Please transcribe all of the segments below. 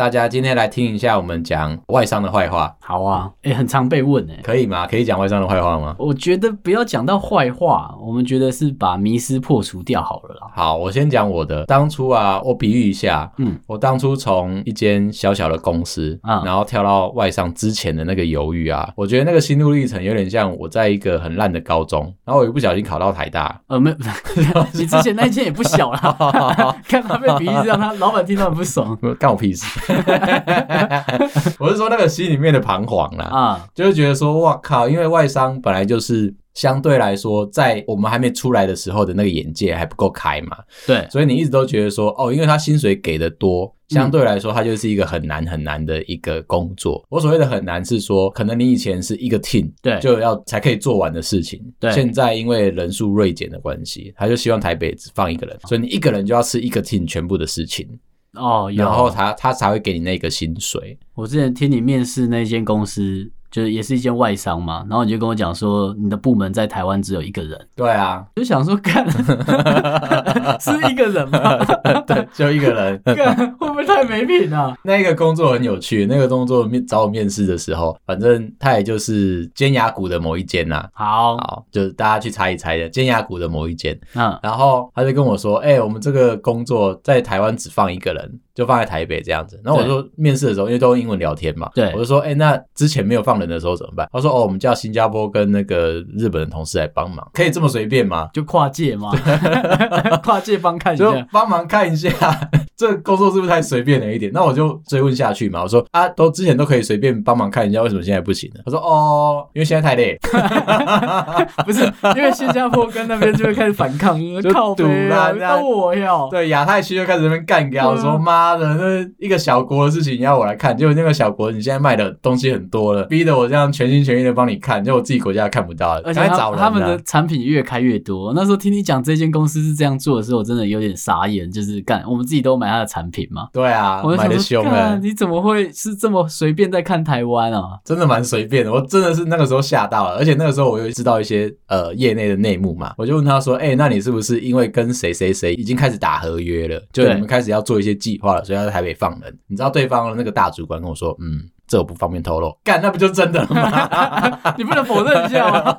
大家今天來聽一下我們講外商的壞話。好啊，誒、欸、很常被問誒、欸、可以嗎？可以講外商的壞話嗎？我覺得不要講到壞話，我們覺得是把迷思破除掉好了啦。好，我先講我的。當初啊，我比喻一下，嗯，我當初從一間小小的公司、嗯，然後跳到外商之前的那個猶豫啊，我覺得那個心路歷程有點像我在一個很爛的高中，然後我一不小心考到台大。呃，沒有， 你之前那一間也不小啦。 看他被比喻，讓他老板聽到很不爽。幹我屁事。哈哈哈哈哈！我是說那個心裡面的彷徨啦，啊、嗯，就是覺得說，哇靠！因為外商本來就是相對來說，在我們還沒出來的時候的那個眼界還不夠開嘛，對，所以你一直都覺得說，哦，因為他薪水給的多，相對來說，他就是一個很難很難的一個工作。嗯、我所謂的很難，是說可能你以前是一個 team，對，就要才可以做完的事情，對，現在因為人數銳減的關係，他就希望台北只放一個人，所以你一個人就要吃一個 team 全部的事情。哦，然後他他才會給你那個薪水。我之前聽你面試那間公司就是也是一間外商嘛，然後你就跟我講說，你的部門在台灣只有一個人。對啊，就想說，幹 是一個人嗎？ 對，就一個人，幹 會不會太沒品啊？那個工作很有趣，那個工作面找我面試的時候，反正他也就是尖牙股的某一間吶、啊。好，好，就是大家去猜一猜的尖牙股的某一間。嗯，然後他就跟我說，哎、欸，我們這個工作在台灣只放一個人。就放在台北這樣子，然後我說面試的時候，因為都用英文聊天嘛，對，我就說，哎、欸，那之前沒有放人的時候怎麼辦？他說，哦，我們叫新加坡跟那個日本的同事來幫忙，可以這麼隨便嗎？就跨界嗎？對 跨界幫看一下，幫忙看一下。 這工作是不是太隨便了一點？那我就追問下去嘛。我說啊，都之前都可以隨便幫忙看一下，為什麼現在不行呢？他說哦，因為現在太累， 不是因為新加坡跟那邊就會開始反抗， 就賭啊，然後樣我要對亞太區就開始那邊幹掉。嗯、我說媽的，那一個小國的事情你要我來看，結果那個小國你現在賣的東西很多了，逼得我這樣全心全意的幫你看，結果我自己國家看不到了，而且他找、啊、他們的產品越開越多。那時候聽你講這間公司是這樣做的時候，我真的有點傻眼，就是幹我們自己都買。他的產品嗎？對啊，我買的兇啊。你怎麼會是這麼隨便在看台灣啊？真的蠻隨便的。我真的是那個時候嚇到了，而且那個時候我又知道一些呃業內的內幕嘛，我就問他說：“哎、欸，那你是不是因為跟誰誰誰已經開始打合約了？就你們開始要做一些計劃了，所以要在台北放人？”你知道對方那個大主管跟我說：“嗯。”這我不方便透露，幹那不就真的了嗎？ 你不能否認一下嗎？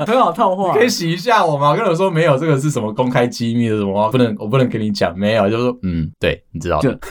很好套話，可以洗一下我嗎？跟我說沒有這個是什麼公開機密的什麼嗎？不能，我不能跟你講沒有，就說，嗯，對，你知道，就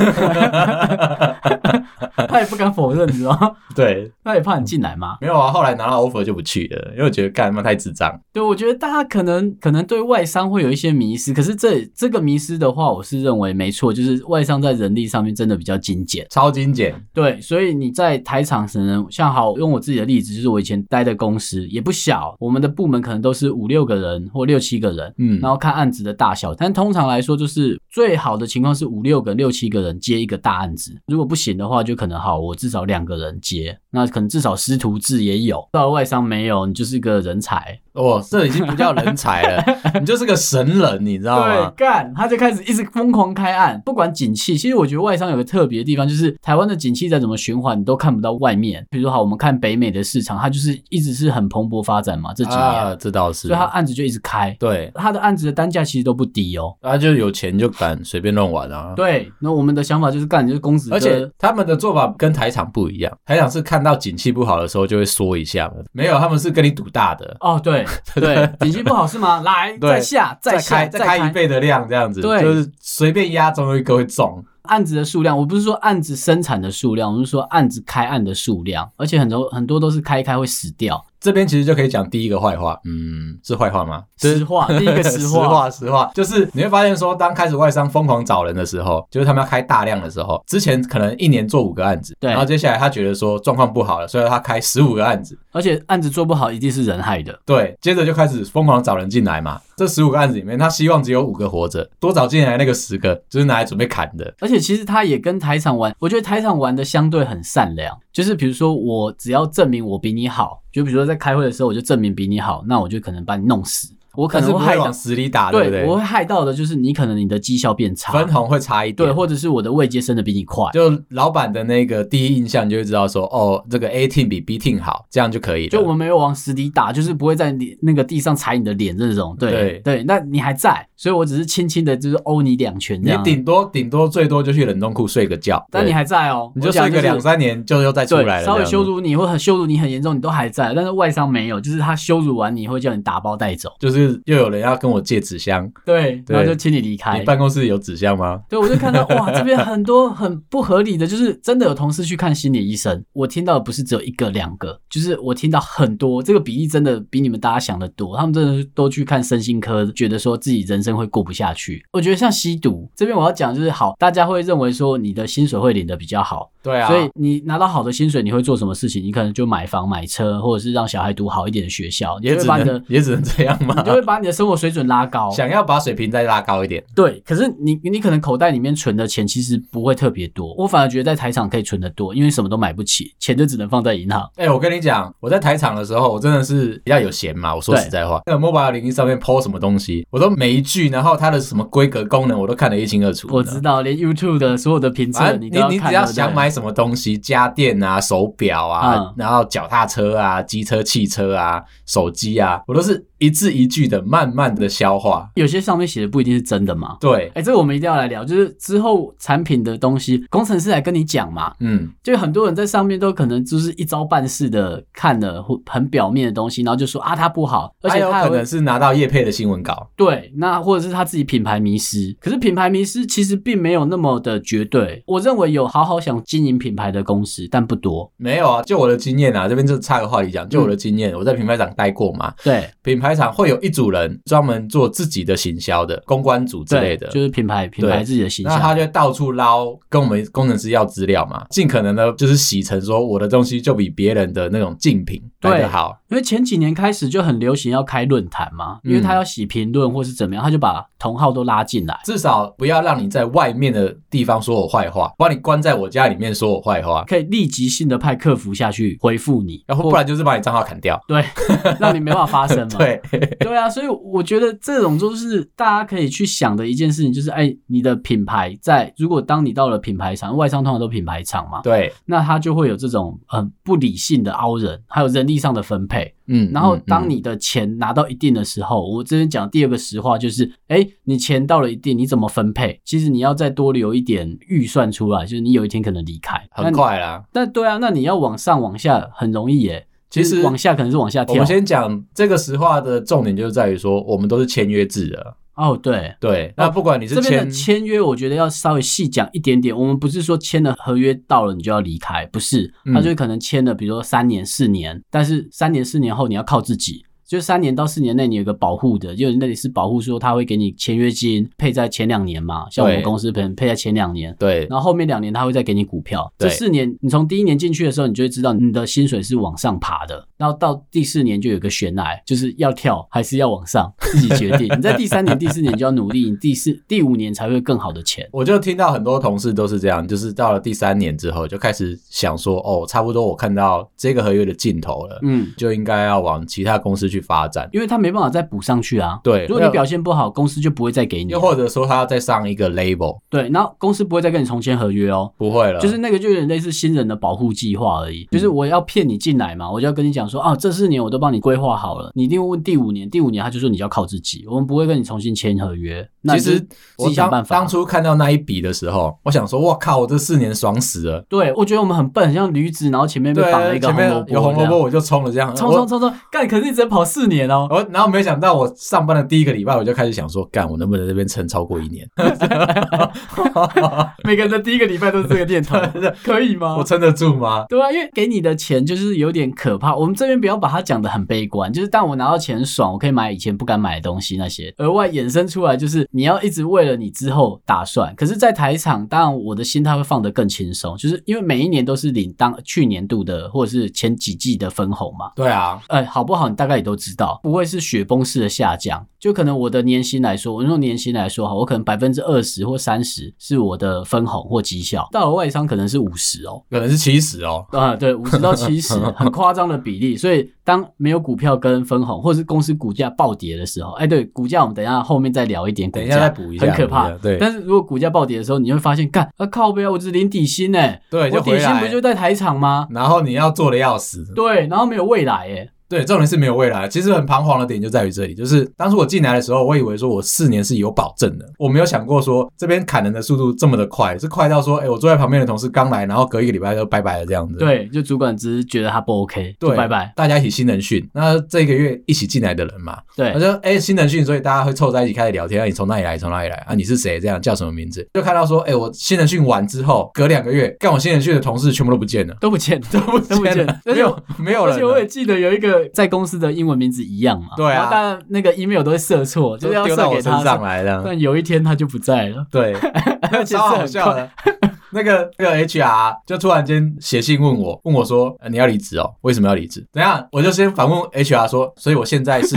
他也不敢否認，你知道嗎？對，他也怕你進來嗎、嗯？沒有啊，後來拿到 offer 就不去了，因為我覺得幹他媽太智障。對，我覺得大家可能可能對外商會有一些迷思，可是這這個迷思的話，我是認為沒錯，就是外商在人力上面真的比較精簡，超精簡。對，所以你在。台廠可能像好用我自己的例子，就是我以前待的公司也不小，我們的部門可能都是五六個人或六七個人，嗯，然後看案子的大小，但通常來說，就是最好的情況是五六個、六七個人接一個大案子，如果不行的話，就可能好，我至少兩個人接，那可能至少師徒制也有，到外商沒有，你就是個人才。哦，這已經不叫人才了， 你就是個神人，你知道嗎？對，幹，他就開始一直瘋狂開案，不管景氣。其實我覺得外商有個特別的地方，就是台灣的景氣再怎麼循環，你都看不到外面。比如說好，我們看北美的市場，它就是一直是很蓬勃發展嘛，這幾年啊，這倒是。所以他案子就一直開，對，他的案子的單價其實都不低哦。他就有錢就敢隨便亂玩啊。對，那我們的想法就是幹，就是公子哥，而且他們的做法跟台廠不一樣，台廠是看到景氣不好的時候就會縮一下，沒有，他們是跟你賭大的哦，對。 對，底 金不好是嗎？來對，再下，再開，再開一倍的量，這樣子，對，就是隨便壓，總有一個會中。案子的數量，我不是說案子生產的數量，我是說案子開案的數量，而且很多很多都是開開會死掉。這邊其實就可以講第一個壞話，嗯，是壞話嗎？就是，實話，第一個實話， 實話實話，就是你會發現說，當開始外商瘋狂找人的時候，就是他們要開大量的時候，之前可能一年做五個案子，對，然後接下來他覺得說狀況不好了，所以他開十五個案子，而且案子做不好一定是人害的，對，接着就開始瘋狂找人進來嘛。這十五個案子裡面，他希望只有五個活着，多找進來那個十個就是拿來準備砍的。而且其實他也跟台廠玩，我覺得台廠玩的相對很善良，就是比如說我只要證明我比你好。就比如說，在開會的時候，我就證明比你好，那我就可能把你弄死。我可能會害到不會往死裡打對不對，對？我會害到的，就是你可能你的績效變差，分紅會差一點，對，或者是我的位階升的比你快，就老闆的那個第一印象就會知道說，哦，這個 A team 比 B team 好，這樣就可以了。就我們沒有往死裡打，就是不會在你那個地上踩你的臉這種。對對，對，那你還在，所以我只是輕輕的，就是毆你兩拳，你頂多頂多最多就去冷凍庫睡個覺，但你還在哦，你就睡個兩三年，就又再出來了。出來了，稍微羞辱你，或很羞辱你很嚴重，你都還在，但是外傷沒有，就是他羞辱完你會叫你打包帶走，就是。又有人要跟我借紙箱對，對，然後就請你離開。你辦公室有紙箱嗎？對，我就看到哇，這邊很多很不合理的。 就是真的有同事去看心理醫生。我聽到的不是只有一個、兩個，就是我聽到很多。這個比例真的比你們大家想的多。他們真的都去看身心科，覺得說自己人生會過不下去。我覺得像吸毒這邊，我要講就是好，大家會認為說你的薪水會領得比較好，對啊，所以你拿到好的薪水，你會做什麼事情？你可能就買房、買車，或者是讓小孩讀好一點的學校，也只能就的，也只能這樣嗎？會把你的生活水準拉高，想要把水平再拉高一點。對，可是你你可能口袋裡面存的錢其實不會特別多。我反而覺得在台廠可以存得多，因為什麼都買不起，錢就只能放在銀行。哎、欸，我跟你講，我在台廠的時候，我真的是比較有閒嘛。我說實在話，那個 Mobile 零一上面 PO 什麼東西，我都每一句，然後它的什麼規格、功能，我都看得一清二楚。我知道，連 YouTube 的所有的評測，你你只要想買什麼東西，家電啊、手錶啊、嗯，然後腳踏車啊、機車、汽車啊、手機啊，我都是一字一句。慢慢的消化，有些上面寫的不一定是真的嘛？對，哎、欸，這個我們一定要來聊，就是之後產品的東西，工程師來跟你講嘛。嗯，就很多人在上面都可能就是一招半式的看了很表面的東西，然後就說啊，他不好，而且有、哎、可能是拿到業配的新聞稿，對，那或者是他自己品牌迷思。可是品牌迷思其實並沒有那麼的絕對，我認為有好好想經營品牌的公司，但不多。沒有啊，就我的經驗啊，這邊就插個話題講，就我的經驗，嗯、我在品牌廠待過嘛，對，品牌廠會有。一組人專門做自己的行銷的公關組之類的，就是品牌品牌自己的行銷，然後他就到處撈，跟我們工程師要資料嘛，盡可能的就是洗成說我的東西就比別人的那種競品，對，來的好。因為前幾年開始就很流行要開論壇嘛、嗯，因為他要洗評論或是怎麼樣，他就把同號都拉進來，至少不要讓你在外面的地方說我壞話，把、嗯、你關在我家裡面說我壞話，可以立即性的派客服下去回復你，然、啊、後不然就是把你賬號砍掉，對， 讓你沒辦法發聲嘛。 對，對啊，所以我覺得這種就是大家可以去想的一件事情，就是哎、欸，你的品牌在，如果當你到了品牌廠，外商通常都品牌廠嘛，對，那他就會有這種很不理性的凹人，還有人力上的分配。嗯，然後當你的錢拿到一定的時候，嗯嗯、我這邊講第二個實話就是，哎，你錢到了一定，你怎麼分配？其實你要再多留一點預算出來，就是你有一天可能離開很快啦。那但對啊，那你要往上往下很容易耶。其實往下可能是往下跳，我先講這個實話的重點，就是在於說我們都是簽約制的。哦，對對，那不管你是簽簽、哦、這邊的簽約，我覺得要稍微細講一點點。我們不是說簽了合約到了你就要離開，不是，那就可能簽了，比如說三年四年、嗯，但是三年四年後你要靠自己。就三年到四年內，你有個保護的，因為那裡是保護，說他會給你簽約金配在前兩年嘛，像我們公司可能配在前兩年，對，然後後面兩年他會再給你股票。這四年你從第一年進去的時候，你就會知道你的薪水是往上爬的，然後到第四年就有個懸崖，就是要跳還是要往上自己決定。你在第三年、 第四年就要努力，你第四、第五年才會更好的錢。我就聽到很多同事都是這樣，就是到了第三年之後就開始想說，哦，差不多我看到這個合約的盡頭了，嗯，就應該要往其他公司去。去發展，因為他沒辦法再補上去啊。對，如果你表現不好，公司就不會再給你。又或者說，他要再上一個 label。對，然後公司不會再跟你重簽合約哦，不會了。就是那個，就有點類似新人的保護計劃而已。嗯。就是我要騙你進來嘛，我就要跟你講說，啊，這四年我都幫你規劃好了，你一定會問第五年。第五年他就說，你要靠自己，我們不會跟你重新簽合約。那其實，我想辦法。當初看到那一筆的時候，我想說，哇靠，我這四年爽死了。對，我覺得我們很笨，很像驢子，然後前面被綁了一個紅蘿蔔，有紅蘿蔔我就衝了這樣。衝衝衝衝，幹！直接跑。四年哦，哦，然後沒想到，我上班的第一個禮拜我就開始想說，幹我能不能在這邊撐超過一年？ 每個人的第一個禮拜都是這個念頭，可以嗎？我撐得住嗎、嗯？對啊，因為給你的錢就是有點可怕。我們這邊不要把它講得很悲觀，就是當我拿到錢爽，我可以買以前不敢買的東西，那些額外衍生出來，就是你要一直為了你之後打算。可是，在台廠，當然我的心態會放得更輕鬆，就是因為每一年都是領當去年度的或者是前幾季的分紅嘛。對啊，哎、欸，好不好？你大概也都不知道，不會是雪崩式的下降。就可能我的年薪來說，我用年薪來說哈，我可能百分之二十或三十是我的分紅或績效。到了外商可能是五十哦，可能是七十哦。啊，對，五十到七十，很誇張的比例。所以當沒有股票跟分紅，或是公司股價暴跌的時候，哎、欸，對，股價我們等一下後面再聊一點股價。等一下再補一下，很可怕。對，但是如果股價暴跌的時候，你會發現，幹，啊靠，不要，我只領底薪哎、欸。對，我底薪不就在台廠嗎？然後你要做的要死。對，然後沒有未來哎、欸。對，這種人是沒有未來的。其實很彷徨的點就在於這裡，就是當初我進來的時候，我以為說我四年是有保證的，我沒有想過說這邊砍人的速度這麼的快，是快到說，哎，我坐在旁邊的同事剛來，然後隔一個禮拜就拜拜了這樣子。對，就主管只是覺得他不 OK，對，拜拜。大家一起新人訓，那這個月一起進來的人嘛，對，我就哎新人訓，所以大家會湊在一起開始聊天，啊、你從哪裡來，從哪裡來啊？你是誰？這樣叫什麼名字？就看到說，哎，我新人訓完之後，隔兩個月，幹我新人訓的同事全部都不見了，都不見了，都不見了，沒有沒有了。 而且我也記得有一個。在公司的英文名字一樣嘛？對啊，但那個 email 都會設錯，啊，就是要設到給他到上來的。但有一天他就不在了，對， 而且是很快笑了。 那個那個 HR 就突然間寫信問我，問我說、呃、你要離職哦，為什麼要離職？等一下我就先反問 HR 說，所以我現在是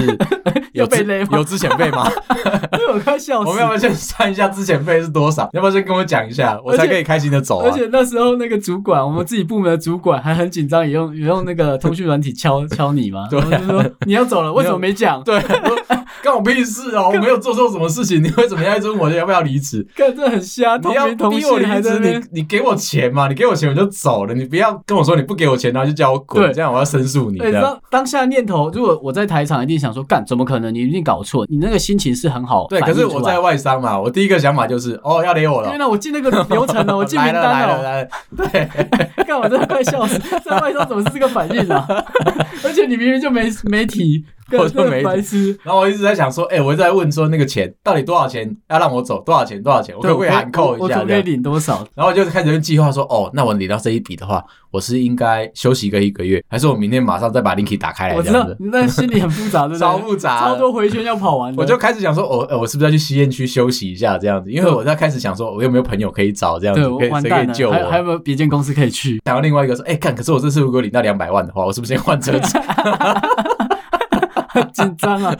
有 被勒有資遣費嗎？嗎 因為我快笑死了。我們要不要先算一下資遣費是多少？要不要先跟我講一下，我才可以開心的走、啊而？而且那時候那個主管，我們自己部門的主管還很緊張，也用也用那個通訊軟體敲敲你嗎？ 對、啊然後就說，說你要走了，為什麼沒講？對。 幹我屁事哦！我沒有做錯什麼事情，你會怎麼樣一直問我要不要離職？幹，這很瞎，你要逼我離職，你還在那邊，你給我錢嘛，你給我錢我就走了，你不要跟我說你不給我錢啊，然後就叫我滾。這樣我要申訴你。對，當當下念頭，如果我在台場一定想說，幹，怎麼可能？你一定搞錯，你那個心情是很好的。對，可是我在外商嘛，我第一個想法就是，哦，要連我了。天哪，我進那個流程了，我進名單了。 來了來了，對， 幹，我真的快笑死了，在外商怎麼是這個反應啊？ 而且你明明就沒沒提。我就沒，然後我一直在想說，哎，我一直在問說那個錢到底多少錢，要讓我走多少錢？多少錢？我可不可以喊扣一下？我準備領多少？然後我就開始計劃說，哦，那我領到這一筆的話，我是應該休息一個一個月，還是我明天馬上再把 Linky 打開來？這樣子，你那心裡很複雜，真 的。超複雜，超多迴圈要跑完。我就開始想說，喔，我我是不是要去吸菸區休息一下？這樣子，因為我在開始想說，我有沒有朋友可以找？這樣子，可以誰可以救我，我還？還有沒有別間公司可以去？然後另外一個說，哎，幹，可是我這次如果領到兩百萬的話，我是不是先換車子？ 很緊張啊！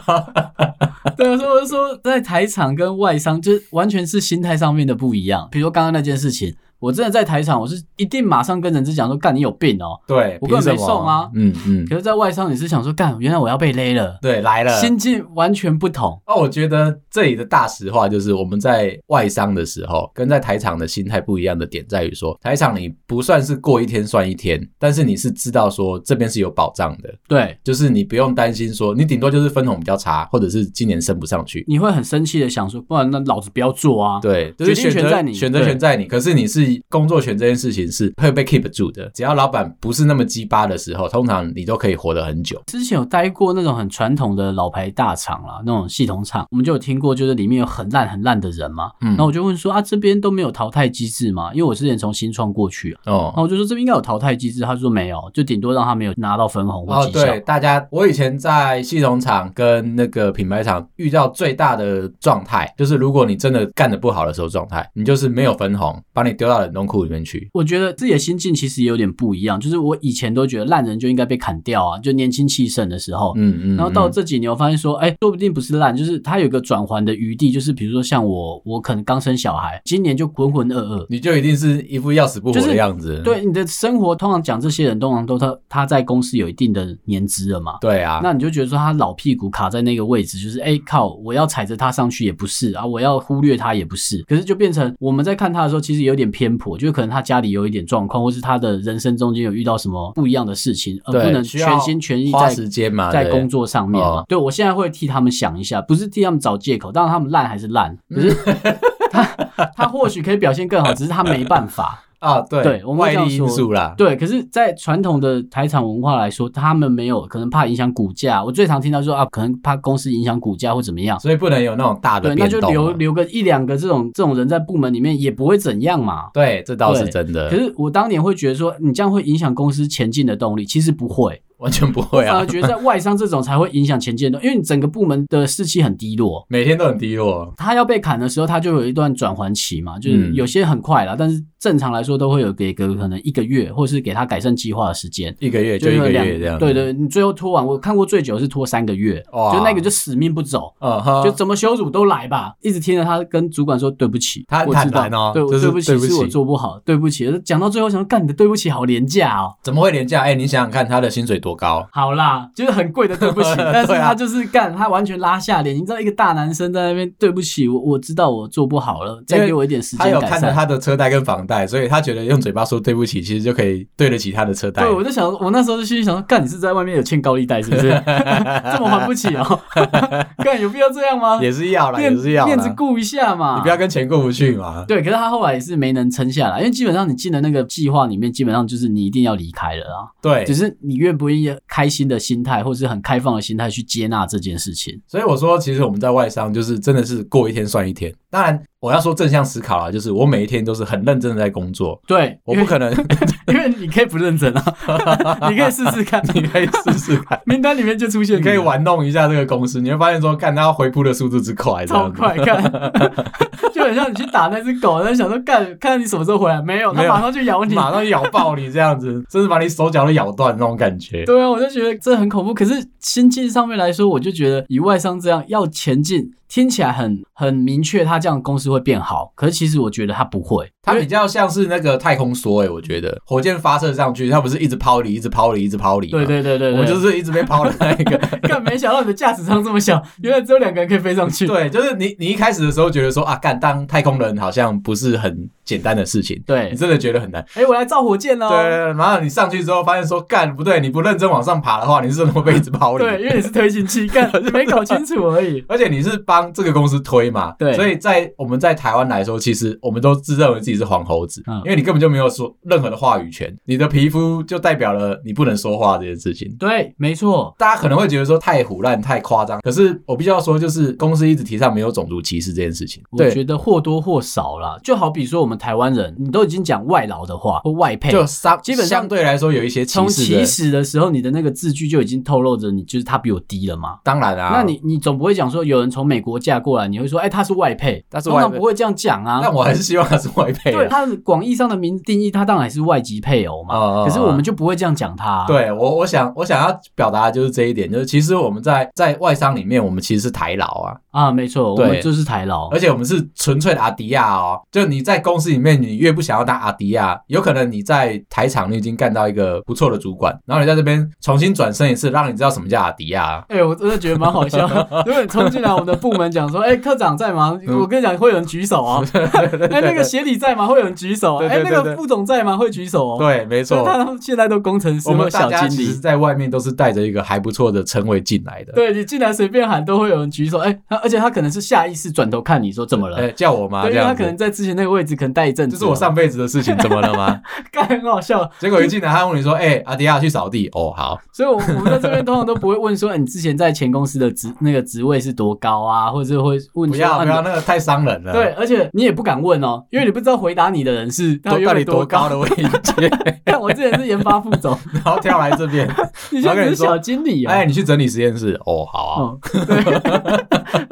對啊，所以我說，在台場跟外商，就完全是心態上面的不一樣。比如說剛剛那件事情。我真的在台場，我是一定馬上跟人事講說，幹你有病哦、喔！對，我根本沒送啊。嗯嗯。可是在外商，你是想說，幹原來我要被勒了。對，來了，心境完全不同。那我覺得這裡的大實話就是，我們在外商的時候，跟在台場的心態不一樣的點在於說，台場你不算是過一天算一天，但是你是知道說這邊是有保障的。對，就是你不用擔心說，你頂多就是分紅比較差，或者是今年升不上去。你會很生氣的想說，不然那老子不要做啊！對，決定權在你，選擇權在你。可是你是。工作權這件事情是會被 keep 住的,只要老闆不是那麼雞巴的時候,通常你都可以活得很久。之前有待過那種很傳統的老牌大廠啦,那種系統廠,我們就有聽過,就是裡面有很爛很爛的人嘛。那、嗯、我就問說啊,這邊都沒有淘汰機制嘛?因為我之前從新創過去、啊,哦,那我就說這邊應該有淘汰機制,他說沒有,就頂多讓他沒有拿到分紅。哦,對,大家,我以前在系統廠跟那個品牌廠遇到最大的狀態,就是如果你真的幹得不好的時候,狀態你就是沒有分紅,把你丟到。冷凍庫裡面去，我覺得自己的心境其實有點不一樣。就是我以前都覺得爛人就應該被砍掉啊，就年輕氣盛的時候，嗯嗯,嗯。然後到這幾年，我發現說，哎、欸，說不定不是爛，就是他有個轉圜的餘地。就是比如說像我，我可能剛生小孩，今年就渾渾噩噩，你就一定是一副要死不活的樣子。就是、對，你的生活通常講，這些人通常都他他在公司有一定的年資了嘛，對啊。那你就覺得說他老屁股卡在那個位置，就是哎、欸、靠，我要踩着他上去也不是啊，我要忽略他也不是，可是就變成我們在看他的時候，其實有點偏。就可能他家裡有一點狀況，或是他的人生中間有遇到什麼不一樣的事情，而不能全心全意在時間嘛，在工作上面。對，對，對，我現在會替他們想一下，不是替他們找借口，當然他們爛還是爛，可是他 他、他或許可以表現更好，只是他沒辦法。 啊對，對，我們會這樣說，外力因素啦，對，可是，在傳統的台廠文化來說，他們沒有，可能怕影響股價。我最常聽到說啊，可能怕公司影響股價或怎麼樣，所以不能有那種大的動。對，那就留留個一兩個這種這種人在部門裡面，也不會怎樣嘛。對，這倒是真的。可是我當年會覺得說，你這樣會影響公司前進的動力，其實不會。完全不會啊，反而覺得在外商這種才會影響前階段，因為你整個部門的士氣很低落，每天都很低落。他要被砍的時候，他就有一段轉圜期嘛，就是有些很快了，嗯，但是正常來說都會有給個可能一個月，或是給他改善計劃的時間，一個月就一個月這樣。這樣對，對對，你最後拖完，我看過最久是拖三個月，就那個就死命不走，uh -huh, 就怎麼羞辱都來吧，一直聽着他跟主管說對不起，他很坦白哦，對，就是，對不起，對不起，是我做不好，對不起。講到最後想幹你的對不起好廉價哦，怎麼會廉價？哎，欸，你想想看他的薪水多多高？好啦，就是很貴的，對不起。 但是他就是幹、啊，他完全拉下臉，你知道，一個大男生在那邊，對不起，我我知道我做不好了，再給我一點時間。他有看着他的車貸跟房貸，所以他覺得用嘴巴說對不起，其實就可以對得起他的車貸。對，我就想，我那時候就心裡想說，幹，你是在外面有欠高利貸是不是？ 這麼還不起哦、喔。幹， 有必要這樣嗎？也是要啦。也是要啦，面，面子顧一下嘛，你不要跟錢過不去嘛。對，可是他後來也是沒能撐下來，因為基本上你進了那個計劃裡面，基本上就是你一定要離開了啊。對，只、就是你願不願意。開心的心態，或是很開放的心態去接納這件事情。所以我說，其實我們在外商就是真的是過一天算一天，當然。我要說正向思考啦，啊，就是我每一天都是很認真的在工作。對，我不可能，因為你可以不認真啊， 你可以試試看，你可以試試看。名 單裡面就出現你，你可以玩弄一下這個公司，你會發現說，幹，他回撲的速度之快，超快，看， 就很像你去打那隻狗，然 後想說，幹，看到你什麼時候回來，沒有，它馬上就咬你，馬上咬爆你，這樣子，甚至 把你手腳都咬斷那種感覺。對啊，我就覺得這很恐怖。可是心境上面來說，我就覺得以外商這樣要前進。聽起來很很明確，他這樣的公司會變好。可是其實我覺得他不會。它、啊、比較像是那個太空梭，哎、欸，我覺得火箭發射上去，它不是一直拋離，一直拋離，一直拋離。對對對對，對，我就是一直被拋的那一個 。但沒想到你的駕駛艙這麼小，原來只有兩個人可以飛上去。對，就是你，你一開始的時候覺得說啊，幹，當太空人好像不是很簡單的事情，對，你真的覺得很難。哎、欸，我來造火箭嘍。對，對，對，然後你上去之後發現說，幹，不對，你不認真往上爬的話，你是怎麼被一直拋離？對，因為你是推進器，幹 沒搞清楚而已。而且你是幫這個公司推嘛，對。所以在我們在台灣來說，其實我們都自認為自己。是黃猴子，嗯，因為你根本就沒有說任何的話語權，你的皮膚就代表了你不能說話這件事情。對，沒錯，大家可能會覺得說太唬爛，太誇張，可是我必須要說，就是公司一直提倡沒有種族歧視這件事情。我覺得或多或少啦，就好比說我們台灣人，你都已經講外勞的話或外配，就基本上相對來說有一些歧視。從起始的時候，你的那個字句就已經透露着你就是他比我低了嘛？當然啦、啊。那你你總不會講說有人從美國嫁過來，你會說哎、欸、他是外配，但是我不會這樣講啊。但我還是希望他是外配。對、啊、對，他廣義上的名定義，他當然是外籍配偶嘛。Uh, uh, uh, 可是我們就不會這樣講他、啊。對我，我想我想要表達的就是這一點，就是其實我們在在外商裡面，我們其實是台勞啊。啊，沒錯，對，我們就是台勞，而且我們是純粹的阿迪亞哦。就你在公司裡面，你越不想要當阿迪亞，有可能你在台廠你已經幹到一個不錯的主管，然後你在這邊重新轉身一次，讓你知道什麼叫阿迪亞、啊。哎，我真的覺得蠻好笑。因 為衝進來我們的部門講說，哎，科長在嗎、嗯？我跟你講，會有人舉手啊。 對對對對，哎，那個鞋底在。在嗎？會有人舉手？哎、欸，那個副總在嗎？會舉手、喔？對，沒錯，他現在都工程師小經理，我們大家其實在外面都是帶着一個還不錯的稱謂進來的。對你進來隨便喊，都會有人舉手。哎、欸，他而且他可能是下意識轉頭看你說怎麼了？哎、欸，叫我嗎對？因為他可能在之前那個位置，可能待一陣子，這、就是我上輩子的事情，怎麼了嗎？剛 很好笑。結果一進來，他問你說：“哎、 欸，阿迪亞去掃地？”哦，好。所以，我們我們這邊通常都不會問說、 欸、你之前在前公司的職那個職位是多高啊，或者是會問不要你不要那個太傷人了。對，而且你也不敢問哦、喔，因為你不知道。 回答你的人是到底多高的位置？ 看我之前是研發副總 然後跳來這邊， 你是小經理啊、喔？哎、欸，你去整理實驗室哦，好啊、嗯，對，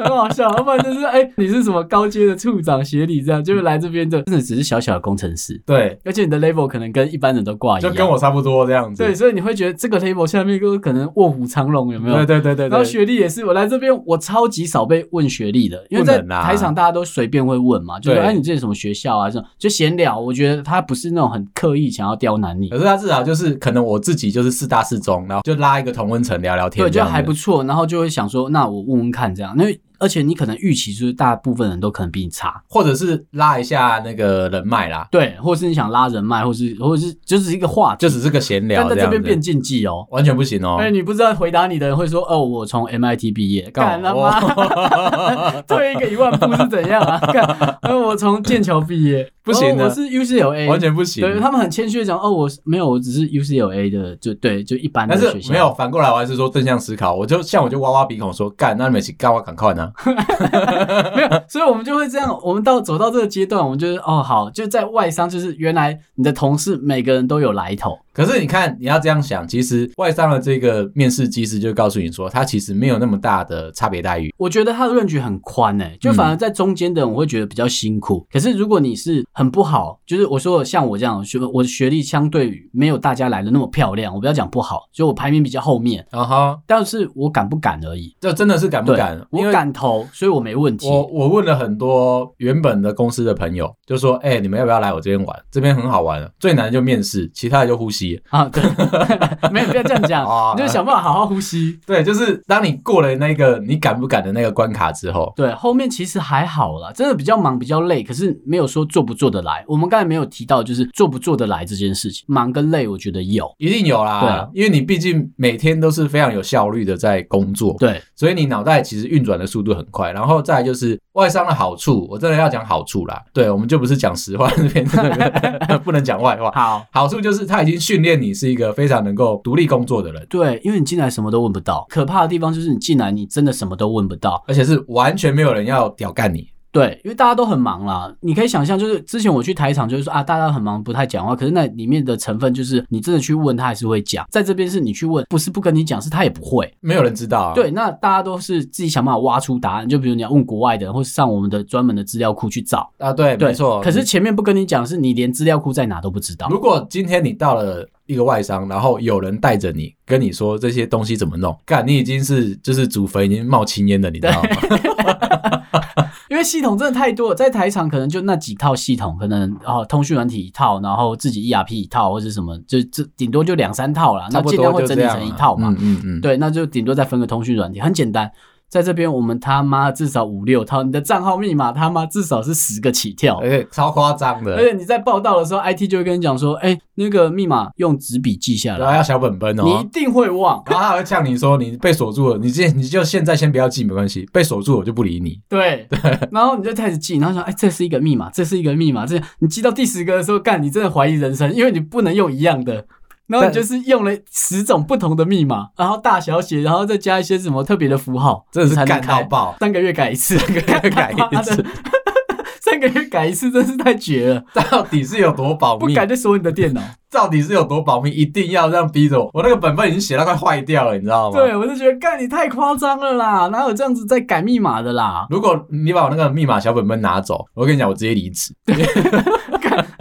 很好笑。老 板就是哎、欸，你是什麼高階的處長協理這樣，就是來這邊的，真的只是小小的工程師。對，而且你的 label 可能跟一般人都掛一樣，就跟我差不多這樣子。對，所以你會覺得這個 label 下面都是可能臥虎藏龍，有沒有？對對對對，對。然後學歷也是，我來這邊我超級少被問學歷的，因為在台場大家都隨便會問嘛，啊、就說、是、哎，欸、你這是什麼學校啊？就閒聊，我覺得他不是那種很刻意想要刁難你，可是他至少就是可能我自己就是四大四中，然後就拉一個同溫層聊聊天，對，就還不錯，然後就會想說，那我問問看這樣，那而且你可能預期就是大部分人都可能比你差，或者是拉一下那個人脈啦，對，或者是你想拉人脈，或是或者是就是一個話題，就只是個閒聊。在這邊變競技哦，完全不行哦、喔。因、欸、為你不知道回答你的人會說哦，我從 MIT 畢業，幹了嗎？對、啊，哦、 一個一萬步是怎樣啊？幹、 啊。我從劍橋畢業，不行的、哦，我是 UCLA，完全不行。對，他們很謙虛的講哦，我沒有，我只是 UCLA 的，就對，就一般的學校。但是沒有，反過來我還是說正向思考，我就像我就挖挖鼻孔說幹，那你們幹我趕快呢。 沒有，所以我們就會這樣。我們到走到這個階段，我們就是哦，好，就在外商，就是原來你的同事每個人都有來頭。可是你看，你要這樣想，其實外商的這個面試機制就告訴你說，他其實沒有那麼大的差別待遇。我覺得他的論據很寬哎、欸，就反而在中間的人，我會覺得比較辛苦、嗯。可是如果你是很不好，就是我說像我這樣我學，我的學歷相對於沒有大家來的那麼漂亮。我不要講不好，就我排名比較後面然後、uh -huh、但是我敢不敢而已。就真的是敢不敢？我敢。所以，我沒問題。我我問了很多原本的公司的朋友，就說：“哎、欸，你們要不要來我這邊玩？這邊很好玩，最難的就面試，其他的就呼吸啊。對 沒有，不要這樣講、啊，你就想辦法好好呼吸。對，就是當你過了那個你敢不敢的那個關卡之後，對，後面其實還好了，真的比較忙，比較累，可是沒有說做不做得來。我們剛才沒有提到就是做不做得來這件事情，忙跟累，我覺得有，一定有啦。對、啊，因為你畢竟每天都是非常有效率的在工作，對，所以你腦袋其實運轉的速度。就很快，然後再來就是外商的好處，我真的要講好處啦。對，我們就不是講實話那邊， 不能講壞話。好，好處就是他已經訓練你是一個非常能夠獨立工作的人。對，因為你進來什麼都問不到，可怕的地方就是你進來你真的什麼都問不到，而且是完全沒有人要屌幹你。對，因為大家都很忙啦。你可以想象，就是之前我去台場，就是說啊，大家很忙，不太講話。可是那裡面的成分，就是你真的去問他，還是會講。在這邊是你去問，不是不跟你講，是他也不會，沒有人知道。啊。對，那大家都是自己想辦法挖出答案。就比如你要問國外的，或是上我們的專門的資料庫去找啊，對。對，沒錯。可是前面不跟你講，是你連資料庫在哪都不知道。如果今天你到了一個外商，然後有人帶着你跟你說這些東西怎麼弄，幹，你已經是就是祖墳已經冒青煙了，你知道嗎？ 因為系統真的太多了，在台廠可能就那幾套系統，可能哦通訊軟體一套，然後自己 ERP 一套或者什麼，就這頂多就兩三套了，那盡量會整理成一套嘛，嗯嗯嗯，對，那就頂多再分個通訊軟體，很簡單。在這邊，我們他媽至少五六套你的賬號密碼，他媽至少是十個起跳，而且超誇張的。而且你在報到的時候，IT 就會跟你講說，哎、欸，那個密碼用紙筆記下來，然後、啊、要小本本哦。你一定會忘，然後他會嗆你說，你被鎖住了，你現你就現在先不要記，沒關係，被鎖住了我就不理你。對對，然後你就開始記，然後想，哎、欸，這是一個密碼，這是一個密碼，這你記到第十個的時候，幹，你真的懷疑人生，因為你不能用一樣的。然後你就是用了十種不同的密碼，然後大小寫，然後再加一些什麼特別的符號，真的是幹到爆。三個月改一次，三個月改一次， 三個月改一次，真是太絕了。到底是有多保密？不改就鎖你的電腦。到底是有多保密？一定要這樣逼着我。我那個本本已經寫到快壞掉了，你知道嗎？對，我就覺得幹你太誇張了啦，哪有這樣子在改密碼的啦。如果你把我那個密碼小本本拿走，我跟你講，我直接離職。對